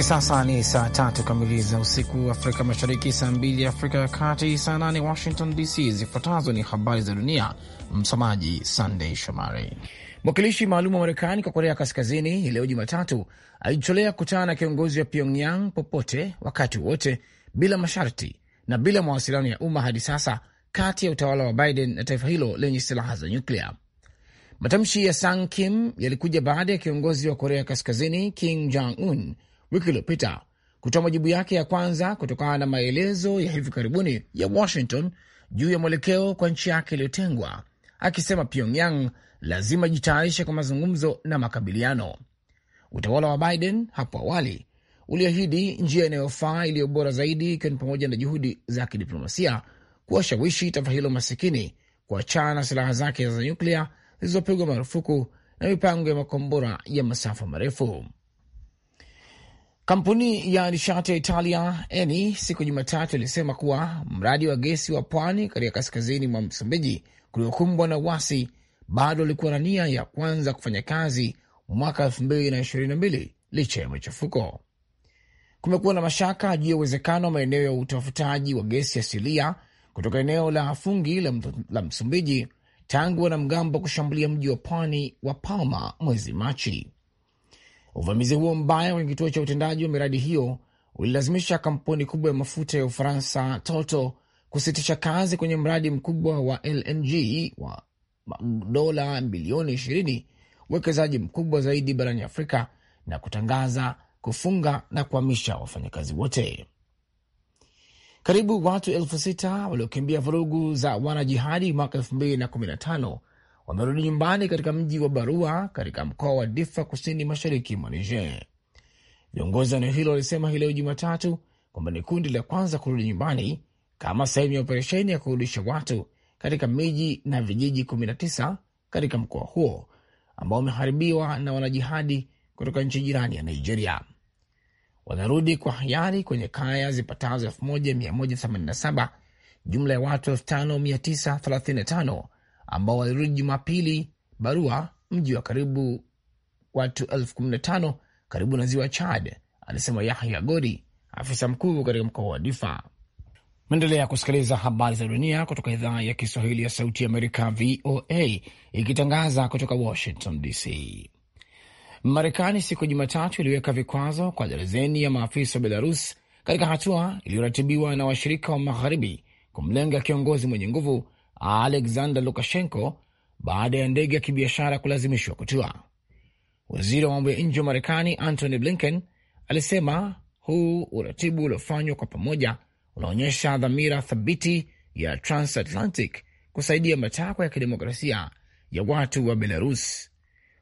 Hivi sasa ni saa tatu kamili za usiku Afrika Mashariki, saa mbili Afrika ya Kati, saa nane Washington DC. Zifuatazo ni habari za dunia, msomaji Sandey Shomari. Mwakilishi maalum wa Marekani kwa Korea Kaskazini hii leo Jumatatu alijitolea kukutana na kiongozi wa Pyongyang popote, wakati wowote, bila masharti na bila mawasiliano ya umma hadi sasa, kati ya utawala wa Biden na taifa hilo lenye silaha za nyuklia. Matamshi ya Sang Kim yalikuja baada ya kiongozi wa Korea Kaskazini Kim Jong Un wiki iliyopita kutoa majibu yake ya kwanza kutokana na maelezo ya hivi karibuni ya Washington juu ya mwelekeo kwa nchi yake iliyotengwa, akisema Pyongyang lazima jitayarishe kwa mazungumzo na makabiliano. Utawala wa Biden hapo awali uliahidi njia inayofaa iliyo bora zaidi, ikiwa ni pamoja na juhudi za kidiplomasia kuwashawishi taifa hilo masikini kuachana na silaha zake za nyuklia zilizopigwa marufuku na mipango ya makombora ya masafa marefu. Kampuni ya nishati ya Italia Eni siku ya Jumatatu ilisema kuwa mradi wa gesi wa pwani katika kaskazini mwa Msumbiji kuliokumbwa na uasi bado alikuwa na nia ya kwanza kufanya kazi mwaka 2022 licha ya machafuko. Kumekuwa na mashaka juu ya uwezekano wa maeneo ya utafutaji wa gesi asilia kutoka eneo la Fungi la, la Msumbiji tangu wanamgambo kushambulia mji wa pwani wa Palma mwezi Machi. Uvamizi huo mbaya kwenye kituo cha utendaji wa miradi hiyo ulilazimisha kampuni kubwa ya mafuta ya Ufaransa Total kusitisha kazi kwenye mradi mkubwa wa LNG wa dola bilioni 20, uwekezaji mkubwa zaidi barani Afrika, na kutangaza kufunga na kuhamisha wafanyakazi wote. Karibu watu elfu sita waliokimbia vurugu za wanajihadi mwaka 2015 wamerudi nyumbani katika mji wa Barua katika mkoa wa Difa kusini mashariki mwa Niger. Viongozi wa eneo hilo walisema hii leo Jumatatu kwamba ni kundi la kwanza kurudi nyumbani kama sehemu ya operesheni ya kurudisha watu katika miji na vijiji 19 katika mkoa huo ambao umeharibiwa na wanajihadi kutoka nchi jirani ya Nigeria. Wanarudi kwa hiari kwenye kaya zipatazo 1187 jumla ya watu 5935 ambao walirudi Jumapili barua mji wa karibu watu elfu kumi na tano karibu na ziwa Chad, alisema Yahya Gori, afisa mkuu katika mkoa wa Difa. Maendelea kusikiliza habari za dunia kutoka idhaa ya Kiswahili ya Sauti ya Amerika, VOA, ikitangaza kutoka Washington DC. Marekani siku ya Jumatatu iliweka vikwazo kwa darazeni ya maafisa wa Belarus katika hatua iliyoratibiwa na washirika wa magharibi kumlenga kiongozi mwenye nguvu Alexander Lukashenko baada ya ndege ya kibiashara kulazimishwa kutua. Waziri wa mambo ya nje wa Marekani Antony Blinken alisema huu uratibu uliofanywa kwa pamoja unaonyesha dhamira thabiti ya transatlantic kusaidia matakwa ya kidemokrasia ya watu wa Belarus.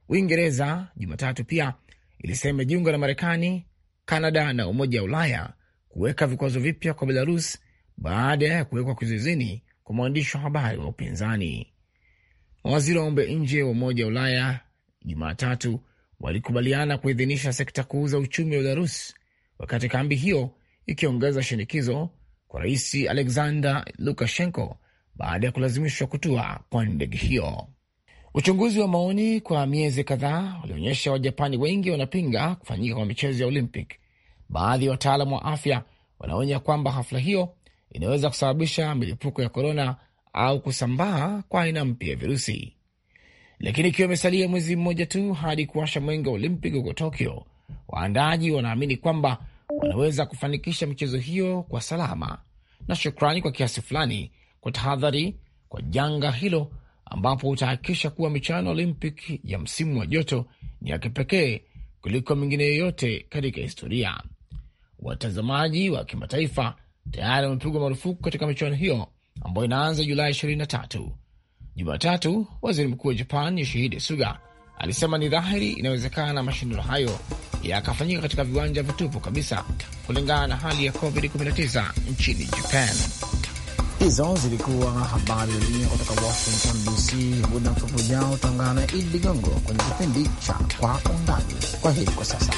Uingereza Jumatatu pia ilisema jiunga na Marekani, Kanada na Umoja wa Ulaya kuweka vikwazo vipya kwa Belarus baada ya kuwekwa kizuizini kwa mwandishi wa habari wa upinzani. Mawaziri wa mambo ya nje wa Umoja wa Ulaya Jumatatu walikubaliana kuidhinisha sekta kuu za uchumi wa Belarus, wakati kambi hiyo ikiongeza shinikizo kwa Rais Alexander Lukashenko baada ya kulazimishwa kutua kwa ndege hiyo. Uchunguzi wa maoni kwa miezi kadhaa ulionyesha Wajapani wengi wanapinga kufanyika kwa michezo ya Olympic. Baadhi ya wataalam wa afya wanaonya kwamba hafla hiyo inaweza kusababisha milipuko ya korona au kusambaa kwa aina mpya ya virusi. Lakini ikiwa imesalia mwezi mmoja tu hadi kuwasha mwenge wa Olimpiki huko Tokyo, waandaaji wanaamini kwamba wanaweza kufanikisha michezo hiyo kwa salama na shukrani kwa kiasi fulani kwa tahadhari kwa janga hilo, ambapo utahakikisha kuwa michuano Olimpik ya msimu wa joto ni ya kipekee kuliko mingine yoyote katika historia. Watazamaji wa kimataifa tayari wamepigwa marufuku katika michuano hiyo ambayo inaanza Julai 23. Jumatatu, waziri mkuu wa Japan Yoshihide Suga alisema ni dhahiri inawezekana mashindano hayo yakafanyika katika viwanja vitupu kabisa kulingana na hali ya COVID-19 nchini Japan. Hizo zilikuwa habari za dunia kutoka Washington DC. Muda mfupi ujao utaungana na Idi Ligongo kwenye kipindi cha Kwa Undani. Kwa heri kwa sasa.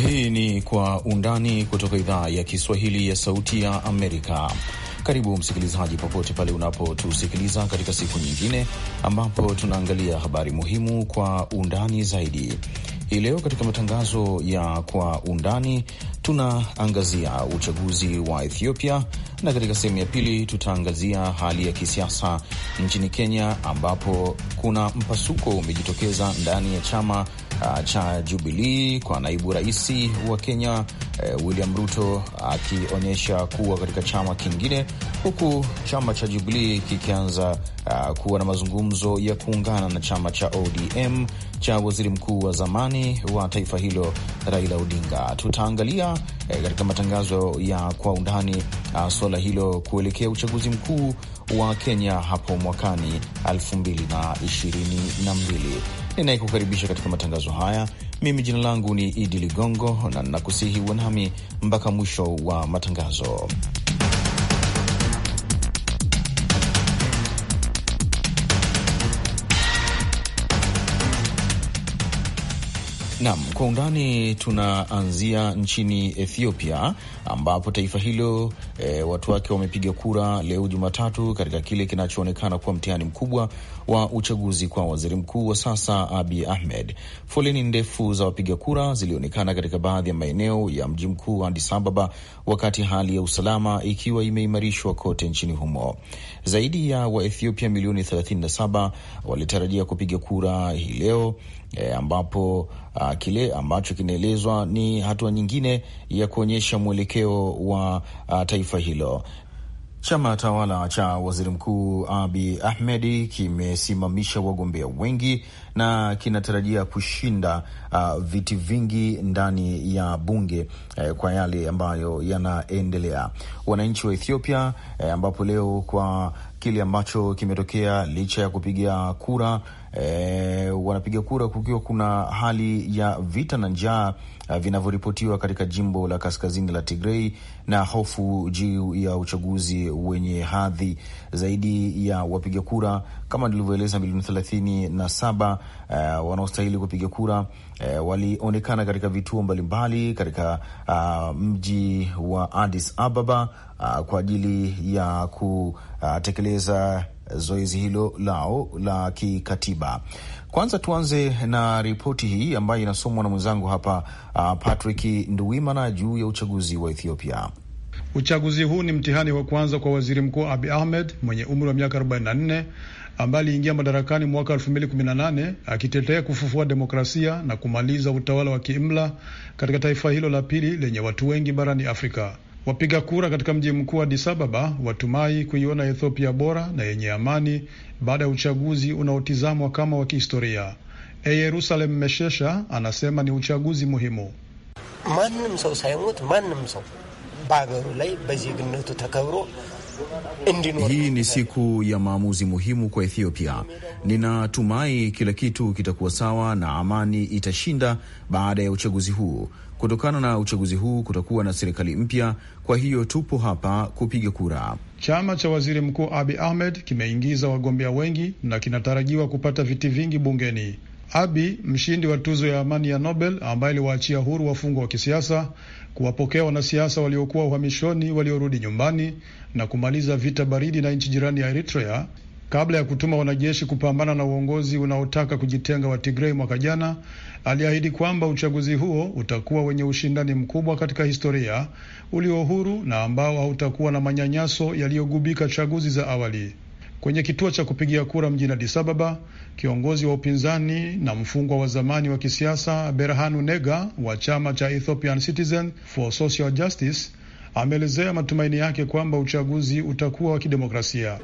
Hii ni Kwa Undani kutoka idhaa ya Kiswahili ya Sauti ya Amerika. Karibu msikilizaji, popote pale unapotusikiliza katika siku nyingine ambapo tunaangalia habari muhimu kwa undani zaidi. Hii leo katika matangazo ya Kwa Undani tunaangazia uchaguzi wa Ethiopia, na katika sehemu ya pili tutaangazia hali ya kisiasa nchini Kenya ambapo kuna mpasuko umejitokeza ndani ya chama Uh, cha Jubilii kwa naibu rais wa Kenya eh, William Ruto akionyesha kuwa katika chama kingine, huku chama cha Jubilii kikianza uh, kuwa na mazungumzo ya kuungana na chama cha ODM cha waziri mkuu wa zamani wa taifa hilo Raila Odinga. Tutaangalia eh, katika matangazo ya kwa undani uh, suala hilo kuelekea uchaguzi mkuu wa Kenya hapo mwakani 2022 ninayekukaribisha katika matangazo haya. Mimi jina langu ni Idi Ligongo na nakusihi uwe nami mpaka mwisho wa matangazo. Nam kwa undani, tunaanzia nchini Ethiopia ambapo taifa hilo e, watu wake wamepiga kura leo Jumatatu katika kile kinachoonekana kuwa mtihani mkubwa wa uchaguzi kwa waziri mkuu wa sasa Abiy Ahmed. Foleni ndefu za wapiga kura zilionekana katika baadhi ya maeneo ya mji mkuu Addis Ababa, wakati hali ya usalama ikiwa imeimarishwa kote nchini humo. Zaidi ya Waethiopia milioni 37 walitarajia kupiga kura hii leo e, ambapo a, kile ambacho kinaelezwa ni hatua nyingine ya kuonyesha mwelekeo wa a, taifa hilo. Chama tawala cha waziri mkuu Abi Ahmedi kimesimamisha wagombea wengi na kinatarajia kushinda uh, viti vingi ndani ya bunge eh, kwa yale ambayo yanaendelea. Wananchi wa Ethiopia eh, ambapo leo kwa kile ambacho kimetokea licha ya kupiga kura e, wanapiga kura kukiwa kuna hali ya vita na njaa Uh, vinavyoripotiwa katika jimbo la kaskazini la Tigrei na hofu juu ya uchaguzi wenye hadhi zaidi ya wapiga kura kama nilivyoeleza, milioni thelathini na saba uh, wanaostahili kupiga kura uh, walionekana katika vituo mbalimbali katika uh, mji wa Addis Ababa uh, kwa ajili ya kutekeleza zoezi hilo lao la kikatiba. Kwanza tuanze na ripoti hii ambayo inasomwa na mwenzangu hapa uh, Patrick Nduwimana juu ya uchaguzi wa Ethiopia. Uchaguzi huu ni mtihani wa kwanza kwa waziri mkuu Abi Ahmed mwenye umri wa miaka 44 ambaye aliingia madarakani mwaka 2018 akitetea kufufua demokrasia na kumaliza utawala wa kiimla katika taifa hilo la pili lenye watu wengi barani Afrika. Wapiga kura katika mji mkuu Addis Ababa watumai kuiona Ethiopia bora na yenye amani baada ya uchaguzi unaotizamwa kama wa kihistoria. e Yerusalem Meshesha anasema ni uchaguzi muhimu. ማንም ሰው ሳይሞት ማንም ሰው በሀገሩ ላይ በዜግነቱ hii ni siku ya maamuzi muhimu kwa Ethiopia. Ninatumai kila kitu kitakuwa sawa na amani itashinda baada ya uchaguzi huu. Kutokana na uchaguzi huu kutakuwa na serikali mpya, kwa hiyo tupo hapa kupiga kura. Chama cha waziri mkuu Abi Ahmed kimeingiza wagombea wengi na kinatarajiwa kupata viti vingi bungeni. Abi, mshindi wa tuzo ya amani ya Nobel ambaye aliwaachia huru wafungwa wa kisiasa kuwapokea wanasiasa waliokuwa uhamishoni waliorudi nyumbani na kumaliza vita baridi na nchi jirani ya Eritrea kabla ya kutuma wanajeshi kupambana na uongozi unaotaka kujitenga wa Tigrei mwaka jana, aliahidi kwamba uchaguzi huo utakuwa wenye ushindani mkubwa katika historia, ulio huru na ambao hautakuwa na manyanyaso yaliyogubika chaguzi za awali. Kwenye kituo cha kupigia kura mjini Addis Ababa, kiongozi wa upinzani na mfungwa wa zamani wa kisiasa Berhanu Nega wa chama cha Ethiopian Citizen for Social Justice ameelezea matumaini yake kwamba uchaguzi utakuwa wa kidemokrasia.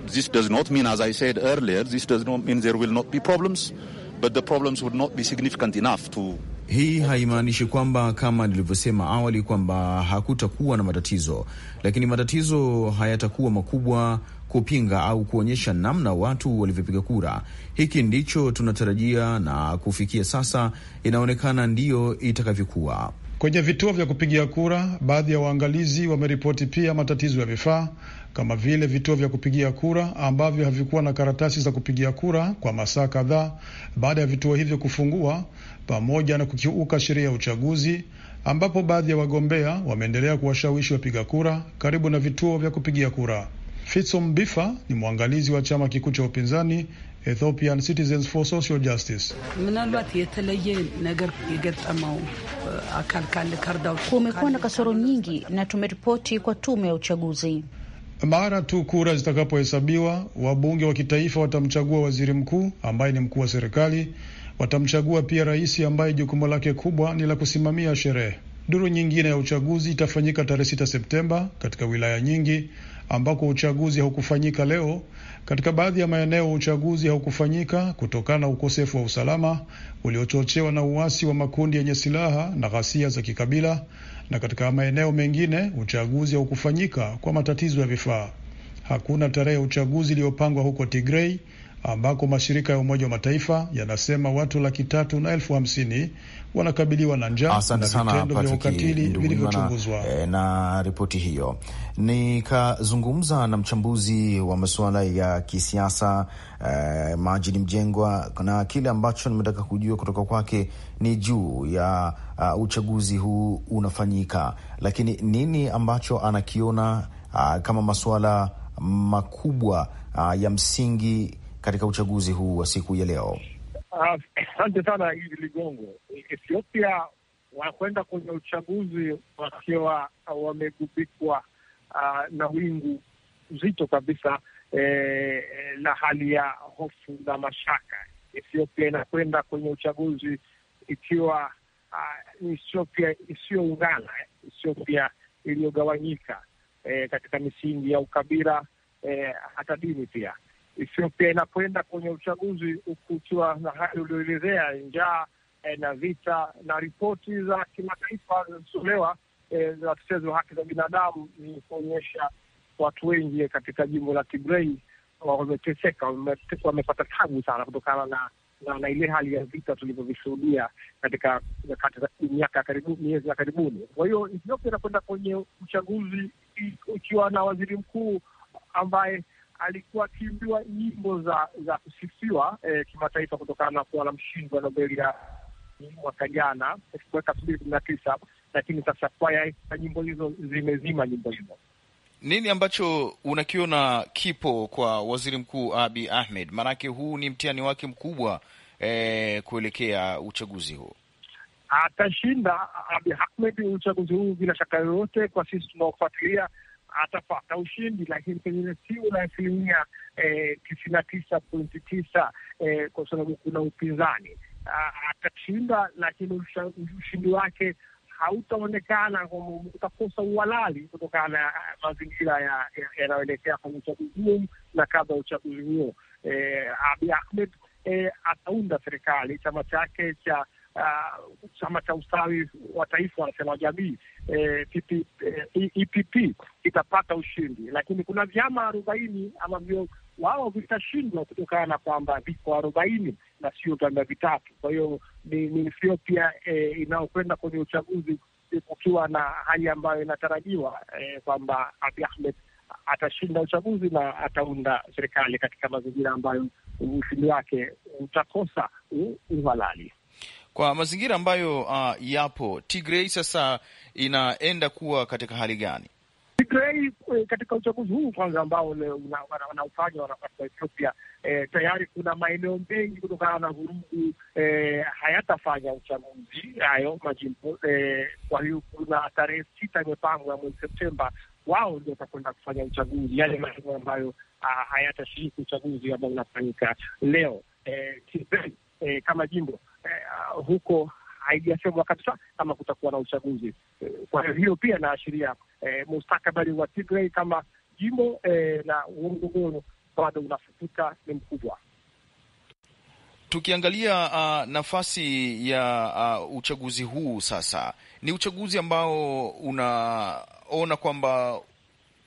Hii haimaanishi kwamba kama nilivyosema awali kwamba hakutakuwa na matatizo, lakini matatizo hayatakuwa makubwa kupinga au kuonyesha namna watu walivyopiga kura. Hiki ndicho tunatarajia na kufikia sasa inaonekana ndiyo itakavyokuwa. Kwenye vituo vya kupigia kura, baadhi ya waangalizi wameripoti pia matatizo ya vifaa kama vile vituo vya kupigia kura ambavyo havikuwa na karatasi za kupigia kura kwa masaa kadhaa baada ya vituo hivyo kufungua, pamoja na kukiuka sheria ya uchaguzi, ambapo baadhi ya wagombea wameendelea kuwashawishi wapiga kura karibu na vituo vya kupigia kura. Fitsum Bifa ni mwangalizi wa chama kikuu cha upinzani Ethiopian Citizens for Social Justice. ምናልባት የተለየ ነገር የገጠመው አካል ካለ ካርዳው kumekuwa na kasoro nyingi na tumeripoti kwa tume ya uchaguzi. Mara tu kura zitakapohesabiwa, wabunge wa kitaifa watamchagua waziri mkuu ambaye ni mkuu wa serikali. Watamchagua pia rais ambaye jukumu lake kubwa ni la kusimamia sherehe. Duru nyingine ya uchaguzi itafanyika tarehe 6 Septemba katika wilaya nyingi ambako uchaguzi haukufanyika leo. Katika baadhi ya maeneo uchaguzi haukufanyika kutokana na ukosefu wa usalama uliochochewa na uasi wa makundi yenye silaha na ghasia za kikabila, na katika maeneo mengine uchaguzi haukufanyika kwa matatizo ya vifaa. Hakuna tarehe ya uchaguzi iliyopangwa huko Tigrei ambako mashirika ya Umoja wa Mataifa yanasema watu laki tatu na elfu hamsini wanakabiliwa na njaa na vitendo vya ukatili vilivyochunguzwa. E, na ripoti hiyo nikazungumza na mchambuzi wa masuala ya kisiasa e, eh, Majini Mjengwa, na kile ambacho nimetaka kujua kutoka kwake ni juu ya uh, uchaguzi huu unafanyika, lakini nini ambacho anakiona uh, kama masuala makubwa uh, ya msingi katika uchaguzi huu wa siku ya leo? Asante uh, sana Idi Ligongo. Ethiopia wanakwenda kwenye uchaguzi wakiwa wamegubikwa uh, na wingu zito kabisa eh, la hali ya hofu na mashaka. Ethiopia inakwenda kwenye uchaguzi ikiwa ah, Ethiopia uh, isiyoungana, Ethiopia iliyogawanyika eh, katika misingi ya ukabila eh, hata dini pia. Ethiopia inapoenda kwenye uchaguzi ukiwa na hali ulioelezea njaa eh, na vita na ripoti za kimataifa zinazotolewa eh, za wa haki za binadamu kuonyesha watu wengi katika jimbo la Tigrei wameteseka, wamepata tabu sana kutokana na na, na ile hali ya vita tulivyovishuhudia katika miaka karibu, miezi ya karibuni. Kwa hiyo Ethiopia inakwenda kwenye uchaguzi ikiwa na waziri mkuu ambaye alikuwa akiimbiwa nyimbo za za kusifiwa eh, kimataifa kutokana na kuwa na mshindi wa Nobeli ya mwaka jana elfu mbili kumi na tisa, lakini sasa kwaya nyimbo hizo zimezima nyimbo hizo. Nini ambacho unakiona kipo kwa waziri mkuu Abi Ahmed? Maanake huu ni mtihani wake mkubwa eh, kuelekea uchaguzi huo. Atashinda Abi Ahmed uchaguzi huu bila shaka yoyote, kwa sisi tunaofuatilia atapata ushindi, lakini pengine sio na asilimia eh, tisini na tisa pointi tisa eh, kwa sababu kuna upinzani. Ah, atashinda, lakini ushindi wake hautaonekana, utakosa uhalali kutokana na mazingira yanayoelekea kwenye uchaguzi huo na kabla ya uchaguzi huo. Eh, Abi Ahmed ataunda serikali, chama chake cha ah, chama cha ustawi wa taifa wanasema jamii eh, PP, eh, e e itapata ushindi, lakini kuna vyama arobaini ambavyo wao vitashindwa kutokana na kwamba viko arobaini na sio vyama vitatu. Kwa hiyo ni, ni Ethiopia eh, inayokwenda kwenye uchaguzi kukiwa na hali ambayo inatarajiwa eh, kwamba Abiy Ahmed atashinda uchaguzi na ataunda serikali katika mazingira ambayo ushindi wake utakosa uhalali kwa mazingira ambayo uh, yapo Tigray sasa inaenda kuwa katika hali gani? Tigray eh, katika uchaguzi huu kwanza ambao wanaofanywa katika Ethiopia eh, tayari kuna maeneo mengi kutokana na vurugu eh, hayatafanya uchaguzi hayo majimbo eh, kwa hiyo kuna tarehe sita imepangwa ya mwezi Septemba wao ndio watakwenda kufanya uchaguzi yale maeneo ambayo ah, hayatashiriki uchaguzi ambao unafanyika leo eh, Tigray eh, kama jimbo Eh, uh, huko haijasemwa kabisa kama kutakuwa na uchaguzi. Eh, kwa hiyo hiyo pia inaashiria eh, mustakabali wa Tigray kama jimbo eh, na mgogoro bado unafufuka ni mkubwa. Tukiangalia uh, nafasi ya uh, uchaguzi huu sasa, ni uchaguzi ambao unaona kwamba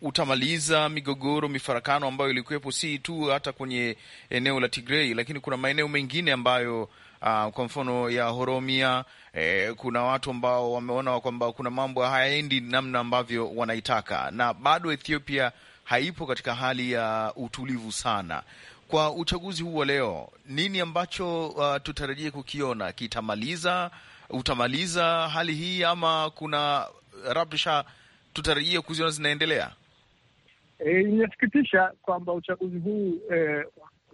utamaliza migogoro, mifarakano ambayo ilikuwepo si tu hata kwenye eneo la Tigray, lakini kuna maeneo mengine ambayo uh, kwa mfano ya Horomia eh, kuna watu ambao wameona kwamba kuna mambo hayaendi namna ambavyo wanaitaka, na bado Ethiopia haipo katika hali ya utulivu sana. Kwa uchaguzi huu wa leo, nini ambacho uh, tutarajie kukiona kitamaliza, utamaliza hali hii ama kuna rabsha ah, tutarajia kuziona zinaendelea? E, inasikitisha kwamba uchaguzi huu e,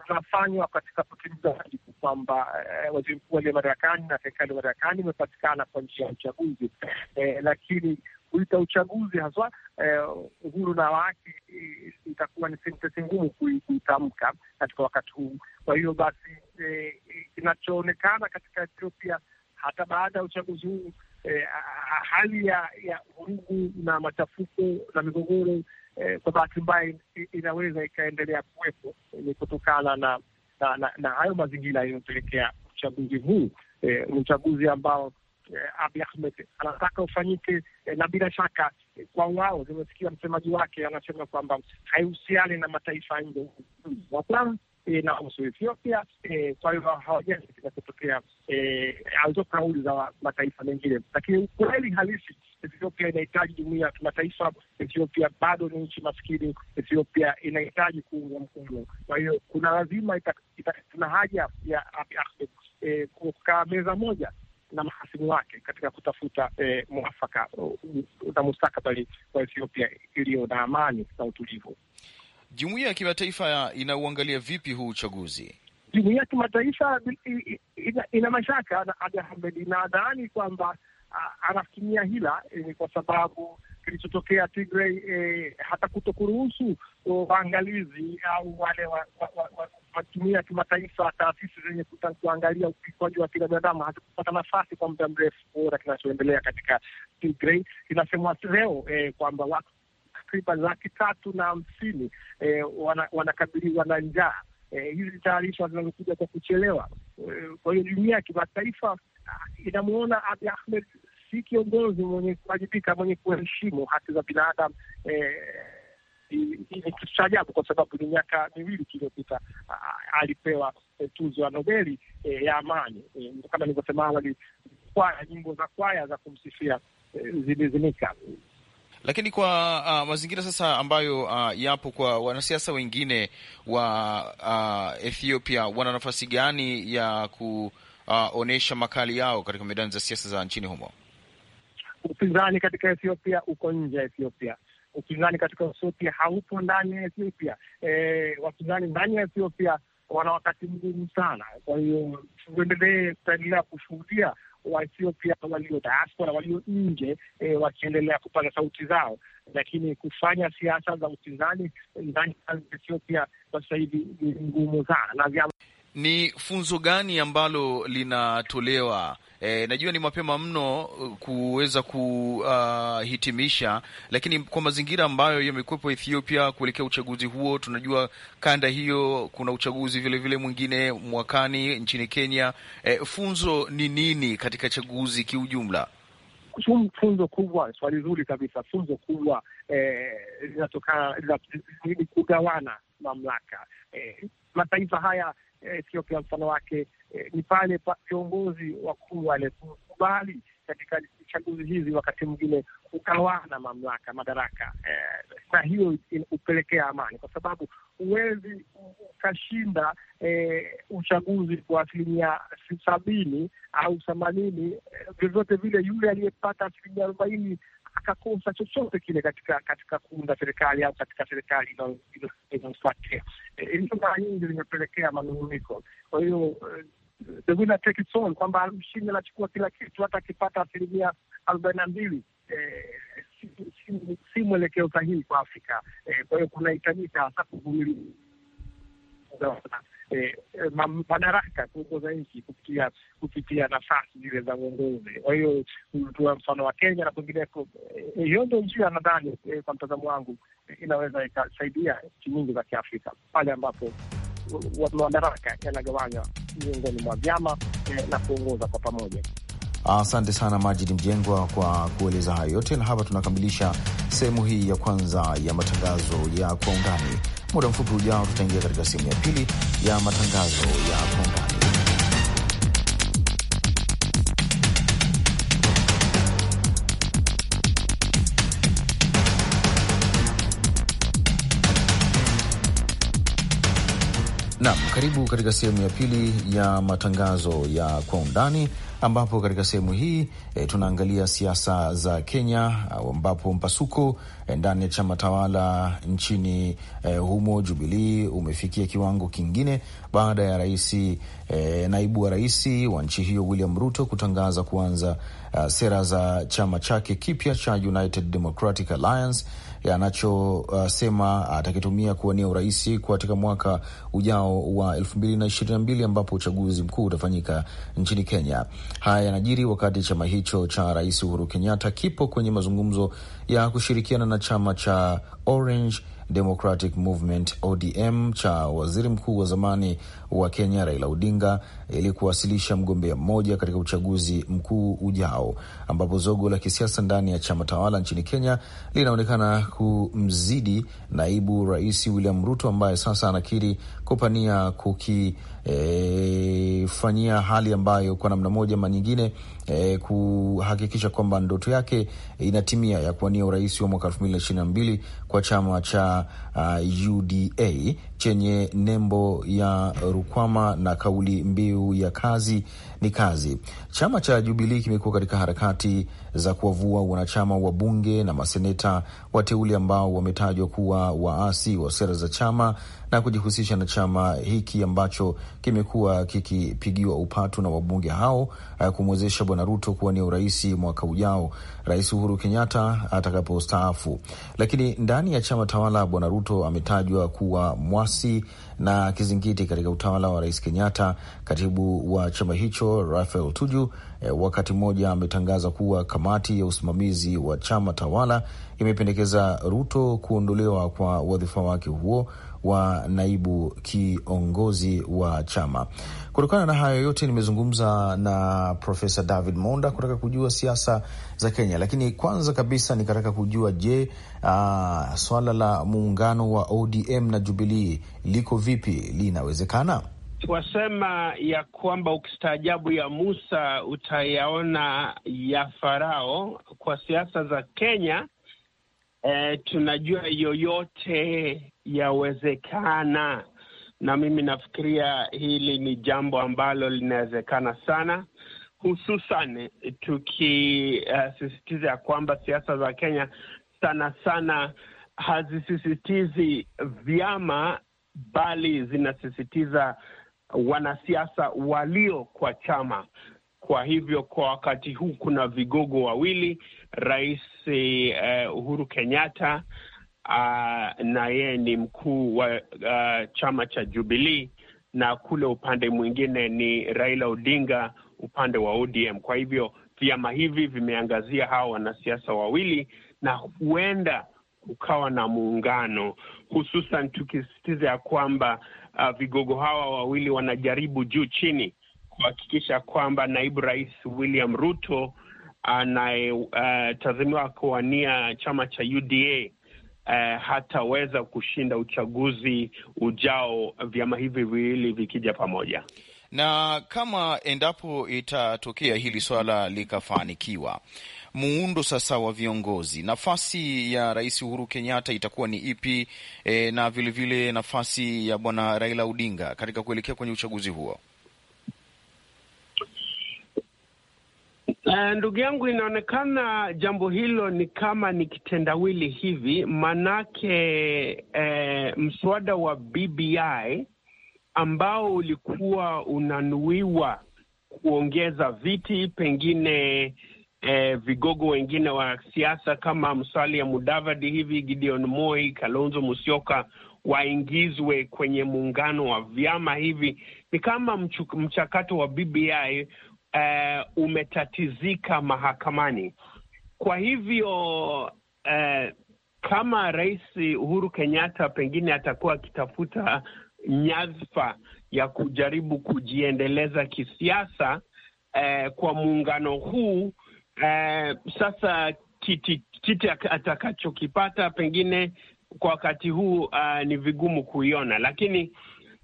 unafanywa katika kutimiza wajibu kwamba eh, waziri mkuu aliye madarakani na serikali ya madarakani imepatikana kwa njia ya uchaguzi eh, lakini kuita uchaguzi haswa eh, uhuru na waki eh, itakuwa ni sentensi ngumu kuitamka katika wakati huu. Kwa hiyo basi eh, kinachoonekana katika Ethiopia hata baada ya uchaguzi huu eh, hali ya, ya vurugu na machafuko na migogoro eh, kwa bahati mbaya inaweza ikaendelea kuwepo, eh, ni kutokana na na, na, na hayo mazingira yaliyopelekea uchaguzi huu eh, uchaguzi ambao eh, abi Ahmed anataka ufanyike eh, na bila shaka eh, kwa wao, nimesikia msemaji wake anasema kwamba haihusiani na mataifa nje inahusu eh, Ethiopia. Eh, kwa hivyo hawajali kinachotokea eh, alizo kauli za mataifa mengine, lakini ukweli halisi, Ethiopia inahitaji jumuia ya kimataifa. Ethiopia bado ni nchi maskini. Ethiopia inahitaji kuungwa mkono. Kwa hiyo kuna lazima, kuna haja ya kukaa meza moja na mahasimu wake katika kutafuta eh, mwafaka na mustakabali wa Ethiopia iliyo na amani na utulivu. Jumuiya ya kimataifa inauangalia vipi huu uchaguzi? Jumuiya ya kimataifa ina, ina mashaka na Abi Ahmed, inadhani kwamba anatumia hila eh, kwa sababu kilichotokea Tigray eh, hata kuto kuruhusu waangalizi au wale wa, wa, wa, wa, ya kimataifa, taasisi zenye kuangalia ukiukwaji wa haki binadamu hazikupata nafasi kwa muda mrefu kuona kinachoendelea katika Tigray. Inasemwa leo eh, kwamba watu takriban laki tatu na hamsini e, wanakabiliwa na njaa. e, hizi taarifa zinazokuja kwa kuchelewa. E, kwa hiyo jumuiya ya kimataifa ah, inamwona Abiy Ahmed si kiongozi mwenye kuwajibika, mwenye kuheshimu haki za binadamu e, ni kitu cha ajabu kwa sababu ni miaka miwili iliyopita alipewa e, tuzo ya Nobeli e, ya amani e, kama nilivyosema awali, kwaya nyimbo za kwaya za kumsifia e, zilizimika. Lakini kwa uh, mazingira sasa ambayo uh, yapo kwa wanasiasa wengine wa uh, Ethiopia, wana nafasi gani ya kuonyesha uh, makali yao katika medani za siasa za nchini humo? Upinzani katika Ethiopia uko nje ya Ethiopia. Upinzani katika Ethiopia haupo ndani ya Ethiopia. E, wapinzani ndani ya Ethiopia wana wakati mgumu sana. Kwa hiyo tuendelee, tutaendelea kushuhudia Waethiopia walio diaspora walio nje e, wakiendelea kupaza sauti zao, lakini kufanya siasa za upinzani ndani ya Ethiopia kwa sasa hivi ni ngumu sana. Na ni funzo gani ambalo linatolewa E, najua ni mapema mno uh, kuweza kuhitimisha uh, lakini kwa mazingira ambayo yamekuwepo Ethiopia kuelekea uchaguzi huo, tunajua kanda hiyo kuna uchaguzi vilevile vile mwingine mwakani nchini Kenya. E, funzo ni nini katika chaguzi kiujumla? Funzo kubwa, swali zuri kabisa. Funzo kubwa e, linatokana ni kugawana mamlaka. E, mataifa haya, Ethiopia mfano wake eh, ni pale viongozi wakuu wale kukubali katika chaguzi hizi wakati mwingine kugawana mamlaka madaraka eh, na hiyo hupelekea amani, kwa sababu huwezi ukashinda eh, uchaguzi kwa asilimia sabini au themanini eh, vyovyote vile, yule aliyepata asilimia arobaini akakosa chochote kile katika katika kuunda serikali au katika serikali inayofuatia. Eh, hizo mara nyingi zimepelekea manunguniko, kwa hiyo eh, the winner take kwamba mshindi anachukua kila kitu, hata akipata asilimia arobaini na mbili eh, si mwelekeo sahihi kwa Afrika. Eh, kwa hiyo kunahitajika hasa kuvumilia eh, madaraka kuongoza nchi kupitia kupitia nafasi zile za uongozi. Kwa hiyo tua mfano wa Kenya na kwingineko, hiyo ndo njia nadhani, kwa mtazamo wangu, inaweza ikasaidia nchi nyingi za Kiafrika pale ambapo madaraka yanagawanywa miongoni mwa vyama eh, na kuongoza kwa pamoja. Asante sana Majid Mjengwa kwa kueleza hayo yote, na hapa tunakamilisha sehemu hii ya kwanza ya matangazo ya kwa undani. Muda mfupi ujao, tutaingia katika sehemu ya pili ya matangazo ya kwa undani. Naam, karibu katika sehemu ya pili ya matangazo ya kwa undani, ambapo katika sehemu hii e, tunaangalia siasa za Kenya, ambapo mpasuko eh, ndani ya chama tawala nchini e, humo Jubilii umefikia kiwango kingine baada ya rais e, naibu wa rais wa nchi hiyo William Ruto kutangaza kuanza a, ah, sera za chama chake kipya cha United Democratic Alliance yanachosema atakitumia kuwania urais katika mwaka ujao wa elfu mbili na ishirini na mbili ambapo uchaguzi mkuu utafanyika nchini Kenya. Haya yanajiri wakati chama hicho cha Rais Uhuru Kenyatta kipo kwenye mazungumzo ya kushirikiana na chama cha Orange Democratic Movement ODM cha waziri mkuu wa zamani wa Kenya Raila Odinga ili kuwasilisha mgombea mmoja katika uchaguzi mkuu ujao, ambapo zogo la kisiasa ndani ya chama tawala nchini Kenya linaonekana kumzidi naibu rais William Ruto ambaye sasa anakiri kupania kukifanyia e, hali ambayo kwa namna moja ama nyingine e, kuhakikisha kwamba ndoto yake inatimia ya kuwania urais wa mwaka elfu mbili na ishirini na mbili kwa chama cha uh, UDA chenye nembo ya rukwama na kauli mbiu ya kazi ni kazi. Chama cha Jubilii kimekuwa katika harakati za kuwavua wanachama wa bunge na maseneta wateuli ambao wametajwa kuwa waasi wa sera za chama na kujihusisha na chama hiki ambacho kimekuwa kikipigiwa upatu na wabunge hao eh, kumwezesha Bwana Ruto kuwania urais mwaka ujao, Rais Uhuru Kenyatta atakapostaafu. Lakini ndani ya chama tawala, Bwana Ruto ametajwa kuwa mwasi na kizingiti katika utawala wa Rais Kenyatta. Katibu wa chama hicho Rafael Tuju E, wakati mmoja ametangaza kuwa kamati ya usimamizi wa chama tawala imependekeza Ruto kuondolewa kwa wadhifa wake huo wa naibu kiongozi wa chama. Kutokana na hayo yote, nimezungumza na Profesa David Monda kutaka kujua siasa za Kenya, lakini kwanza kabisa nikataka kujua je, swala la muungano wa ODM na Jubilii liko vipi? Linawezekana? Twasema ya kwamba ukistaajabu ya Musa utayaona ya Farao. Kwa siasa za Kenya eh, tunajua yoyote yawezekana, na mimi nafikiria hili ni jambo ambalo linawezekana sana, hususan tukisisitiza uh, ya kwamba siasa za Kenya sana sana hazisisitizi vyama bali zinasisitiza wanasiasa walio kwa chama. Kwa hivyo kwa wakati huu kuna vigogo wawili, Rais uh, Uhuru Kenyatta uh, na yeye ni mkuu wa uh, chama cha Jubilee, na kule upande mwingine ni Raila Odinga upande wa ODM. Kwa hivyo vyama hivi vimeangazia hawa wanasiasa wawili na huenda kukawa na muungano, hususan tukisisitiza ya kwamba uh, vigogo hawa wawili wanajaribu juu chini kuhakikisha kwamba naibu rais William Ruto anayetazamiwa uh, kuwania chama cha UDA uh, eh, hataweza kushinda uchaguzi ujao, vyama hivi viwili vikija pamoja na kama endapo itatokea hili swala likafanikiwa muundo sasa wa viongozi, nafasi ya Rais Uhuru Kenyatta itakuwa ni ipi, e, na vilevile vile nafasi ya Bwana Raila Odinga katika kuelekea kwenye uchaguzi huo? Uh, ndugu yangu, inaonekana jambo hilo ni kama ni kitendawili hivi, manake eh, mswada wa BBI ambao ulikuwa unanuiwa kuongeza viti pengine eh, vigogo wengine wa siasa kama Musalia Mudavadi hivi, Gideon Moi, Kalonzo Musyoka waingizwe kwenye muungano wa vyama hivi. Ni kama mchakato wa BBI eh, umetatizika mahakamani. Kwa hivyo eh, kama Rais Uhuru Kenyatta pengine atakuwa akitafuta nyadhifa ya kujaribu kujiendeleza kisiasa eh, kwa muungano huu eh, sasa kiti, kiti atakachokipata pengine kwa wakati huu uh, ni vigumu kuiona, lakini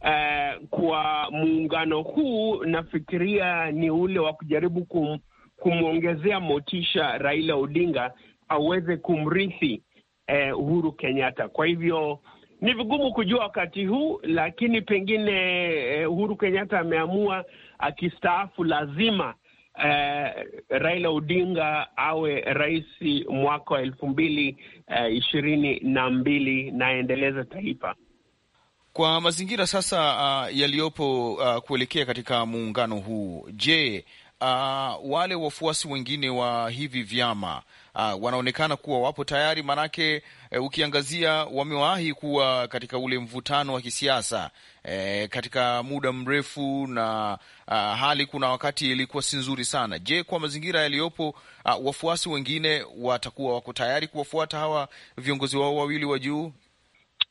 uh, kwa muungano huu nafikiria ni ule wa kujaribu kum, kumwongezea motisha Raila Odinga aweze kumrithi uh, Uhuru Kenyatta. Kwa hivyo ni vigumu kujua wakati huu, lakini pengine uh, Uhuru Kenyatta ameamua akistaafu lazima eh, Raila Odinga awe rais mwaka wa elfu mbili eh, ishirini na mbili na aendeleze taifa kwa mazingira sasa uh, yaliyopo uh, kuelekea katika muungano huu. Je, uh, wale wafuasi wengine wa hivi vyama uh, wanaonekana kuwa wapo tayari, manake uh, ukiangazia wamewahi kuwa katika ule mvutano wa kisiasa uh, katika muda mrefu na uh, hali kuna wakati ilikuwa si nzuri sana. Je, kwa mazingira yaliyopo, uh, wafuasi wengine watakuwa wako tayari kuwafuata hawa viongozi wao wawili wa juu?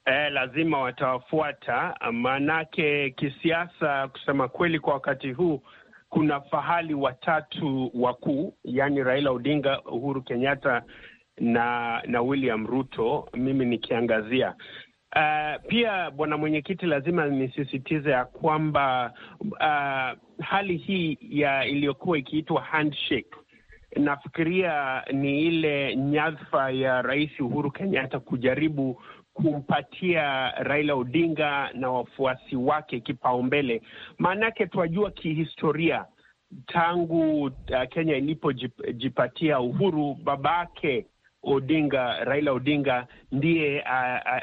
Eh, lazima watawafuata, manake kisiasa, kusema kweli, kwa wakati huu kuna fahali watatu wakuu, yaani Raila Odinga, Uhuru Kenyatta na na William Ruto, mimi nikiangazia uh, pia bwana mwenyekiti, lazima nisisitize ya kwamba uh, hali hii ya iliyokuwa ikiitwa handshake nafikiria ni ile nyadhifa ya Rais Uhuru Kenyatta kujaribu kumpatia Raila Odinga na wafuasi wake kipaumbele. Maanake twajua kihistoria, tangu uh, Kenya ilipojipatia uhuru, babake Odinga, Raila Odinga ndiye uh,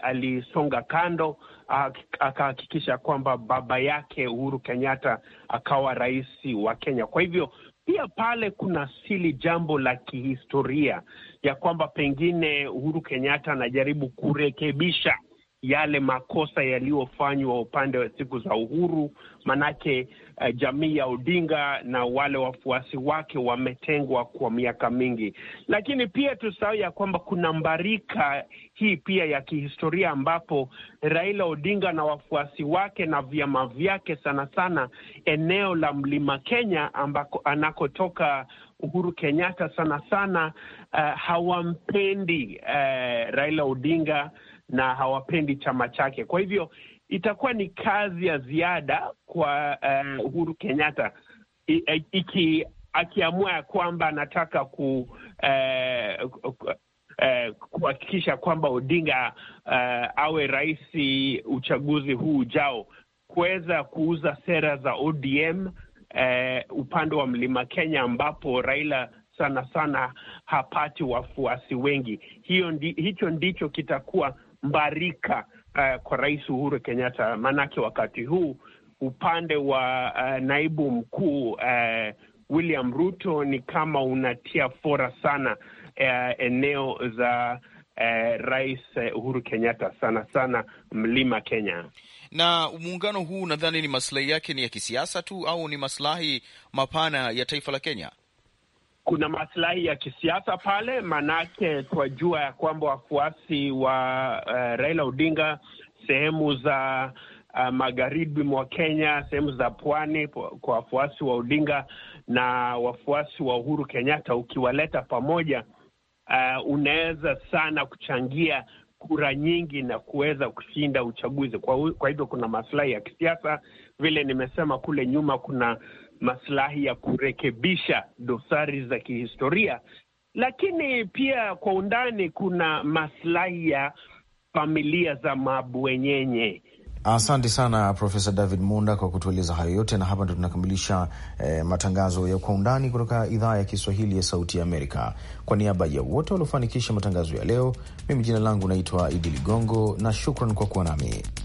alisonga kando uh, akahakikisha kwamba baba yake Uhuru Kenyatta akawa rais wa Kenya. Kwa hivyo pia pale kuna sili jambo la kihistoria ya kwamba pengine Uhuru Kenyatta anajaribu kurekebisha yale makosa yaliyofanywa upande wa siku za uhuru, manake uh, jamii ya Odinga na wale wafuasi wake wametengwa kwa miaka mingi. Lakini pia tusahau ya kwamba kuna mbarika hii pia ya kihistoria ambapo Raila Odinga na wafuasi wake na vyama vyake, sana sana eneo la Mlima Kenya ambako anakotoka Uhuru Kenyatta, sana sana uh, hawampendi uh, Raila Odinga na hawapendi chama chake. Kwa hivyo itakuwa ni kazi ya ziada kwa uh, Uhuru Kenyatta eh, iki akiamua ya kwamba anataka ku eh, eh, kuhakikisha kwamba Odinga eh, awe rais uchaguzi huu ujao, kuweza kuuza sera za ODM eh, upande wa Mlima Kenya ambapo Raila sana sana hapati wafuasi wengi. Hiyo ndi, hicho ndicho kitakuwa mbarika uh, eh, kwa Rais Uhuru Kenyatta, maanake wakati huu upande wa uh, naibu mkuu uh, William Ruto ni kama unatia fora sana uh, eneo za uh, Rais Uhuru Kenyatta sana sana Mlima Kenya. Na muungano huu nadhani ni maslahi yake ni ya kisiasa tu au ni maslahi mapana ya taifa la Kenya? kuna masilahi ya kisiasa pale, twa twajua ya kwamba wafuasi wa uh, Raila Odinga sehemu za uh, magharibi mwa Kenya, sehemu za pwani kwa wafuasi wa Odinga na wafuasi wa Uhuru Kenyatta, ukiwaleta pamoja uh, unaweza sana kuchangia kura nyingi na kuweza kushinda uchaguzi. Kwa, kwa hivyo kuna masilahi ya kisiasa, vile nimesema kule nyuma, kuna maslahi ya kurekebisha dosari za kihistoria, lakini pia kwa undani kuna maslahi ya familia za mabwenyenye. Asante sana Profesa David Munda kwa kutueleza hayo yote, na hapa ndo tunakamilisha eh, matangazo ya Kwa Undani kutoka idhaa ya Kiswahili ya Sauti ya Amerika. Kwa niaba ya wote waliofanikisha matangazo ya leo, mimi jina langu naitwa Idi Ligongo na shukran kwa kuwa nami.